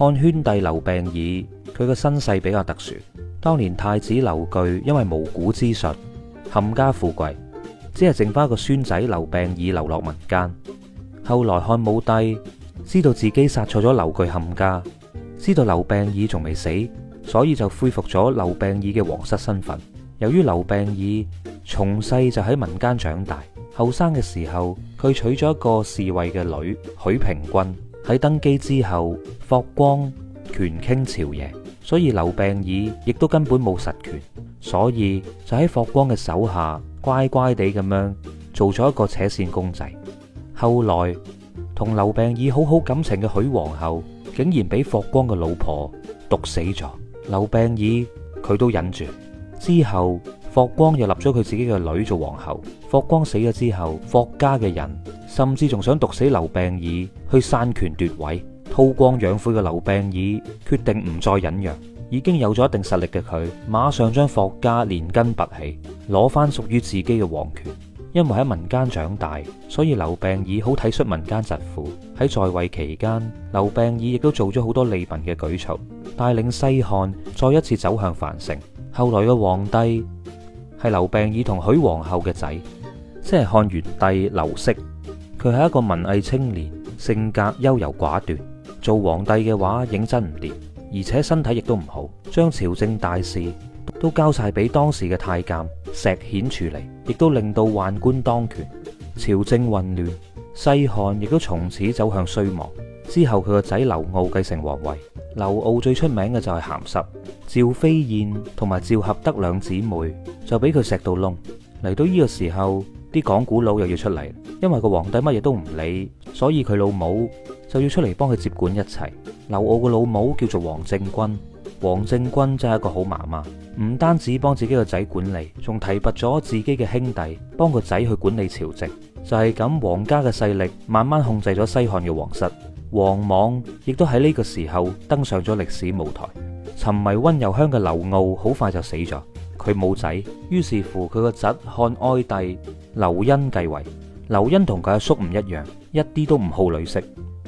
漢宣帝劉病已佢個身世比較特殊，當年太子劉據因為巫蠱之術冚家富貴，只係剩翻一個孫仔劉病已流落民間。後來漢武帝知道自己殺錯咗劉據冚家，知道劉病已仲未死，所以就恢復咗劉病已嘅皇室身份。由於劉病已從細就喺民間長大，後生嘅時候佢娶咗一個侍衛嘅女許平君。喺登基之後，霍光權傾朝野，所以劉病已亦都根本冇實權，所以就喺霍光嘅手下乖乖地咁樣做咗一個扯線公仔。後來同劉病已好好感情嘅許皇后，竟然俾霍光嘅老婆毒死咗，劉病已佢都忍住。之後霍光又立咗佢自己嘅女做皇后。霍光死咗之後，霍家嘅人。甚至仲想毒死劉病已去篡權奪位，韜光養晦嘅劉病已決定唔再忍讓。已經有咗一定實力嘅佢，馬上將霍家連根拔起，攞翻屬於自己嘅皇權。因為喺民間長大，所以劉病已好體恤民間疾苦。喺在，在位期間，劉病已亦都做咗好多利民嘅舉措，帶領西漢再一次走向繁盛。後來嘅皇帝係劉病已同許皇后嘅仔，即係漢元帝劉奭。劉佢係一個文藝青年，性格優柔寡斷，做皇帝嘅話認真唔掂，而且身體亦都唔好，將朝政大事都交晒俾當時嘅太監石顯處理，亦都令到宦官當權，朝政混亂，西漢亦都從此走向衰亡。之後佢個仔劉驁繼承皇位，劉驁最出名嘅就係咸濕，趙飛燕同埋趙合德兩姊妹就俾佢錫到窿。嚟到呢個時候。啲講古佬又要出嚟，因為個皇帝乜嘢都唔理，所以佢老母就要出嚟幫佢接管一切。劉驁個老母叫做王政君，王政君真係一個好媽媽，唔單止幫自己個仔管理，仲提拔咗自己嘅兄弟幫個仔去管理朝政。就係咁，皇家嘅勢力慢慢控制咗西漢嘅皇室。王莽亦都喺呢個時候登上咗歷史舞台。沉迷温柔鄉嘅劉驁好快就死咗，佢冇仔，於是乎佢個侄漢哀帝。劉欣繼位，劉欣同佢阿叔唔一樣，一啲都唔好女色，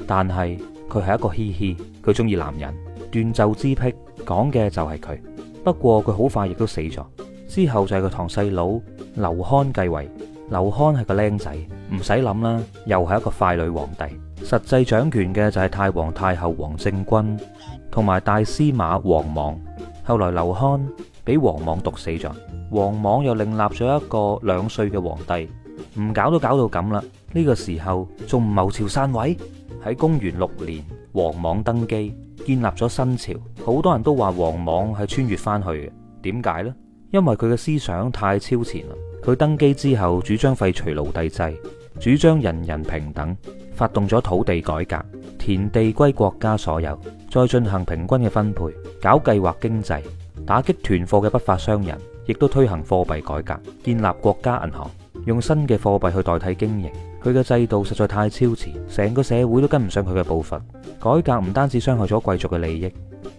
但係佢係一個嘻嘻，佢中意男人，斷袖之癖講嘅就係佢。不過佢好快亦都死咗，之後就係佢堂細佬劉康繼位，劉康係個靚仔，唔使諗啦，又係一個傀儡皇帝。實際掌權嘅就係太皇太后王政君同埋大司馬王莽，後來劉康俾王莽毒死咗。王莽又另立咗一個兩歲嘅皇帝，唔搞都搞到咁啦。呢個時候仲唔謀朝篡位？喺公元六年，王莽登基，建立咗新朝。好多人都話王莽係穿越翻去嘅，點解呢？因為佢嘅思想太超前啦。佢登基之後，主張廢除奴隸制，主張人人平等，發動咗土地改革，田地歸國家所有，再進行平均嘅分配，搞計劃經濟，打擊囤貨嘅不法商人。亦都推行貨幣改革，建立國家銀行，用新嘅貨幣去代替經營。佢嘅制度實在太超前，成個社會都跟唔上佢嘅步伐。改革唔單止傷害咗貴族嘅利益，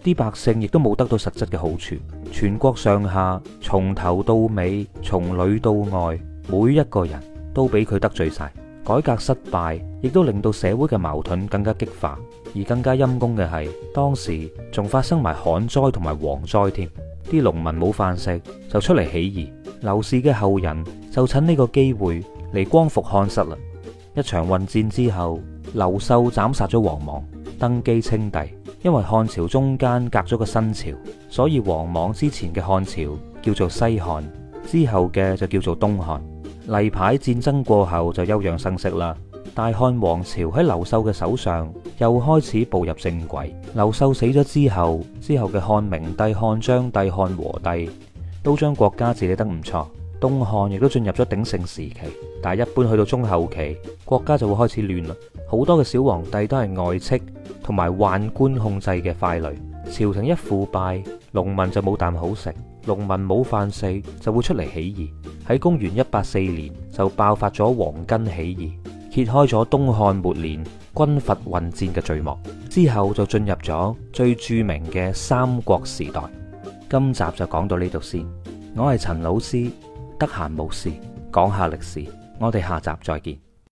啲百姓亦都冇得到實質嘅好處。全國上下從頭到尾，從裏到外，每一個人都俾佢得罪晒。改革失敗，亦都令到社會嘅矛盾更加激化。而更加陰功嘅係，當時仲發生埋旱災同埋蝗災添。啲農民冇飯食就出嚟起義，劉氏嘅後人就趁呢個機會嚟光復漢室啦。一場混戰之後，劉秀斬殺咗王莽，登基稱帝。因為漢朝中間隔咗個新朝，所以王莽之前嘅漢朝叫做西漢，之後嘅就叫做東漢。例牌戰爭過後就休養生息啦。大漢王朝喺劉秀嘅手上又開始步入正軌。劉秀死咗之後，之後嘅漢明帝、漢章帝、漢和帝都將國家治理得唔錯。東漢亦都進入咗鼎盛時期，但係一般去到中後期，國家就會開始亂啦。好多嘅小皇帝都係外戚同埋宦官控制嘅傀儡，朝廷一腐敗，農民就冇啖好食。農民冇飯食就會出嚟起義。喺公元一八四年就爆發咗黃巾起義。揭開咗東漢末年軍閥混戰嘅序幕，之後就進入咗最著名嘅三國時代。今集就講到呢度先，我係陳老師，得閒冇事講下歷史，我哋下集再見。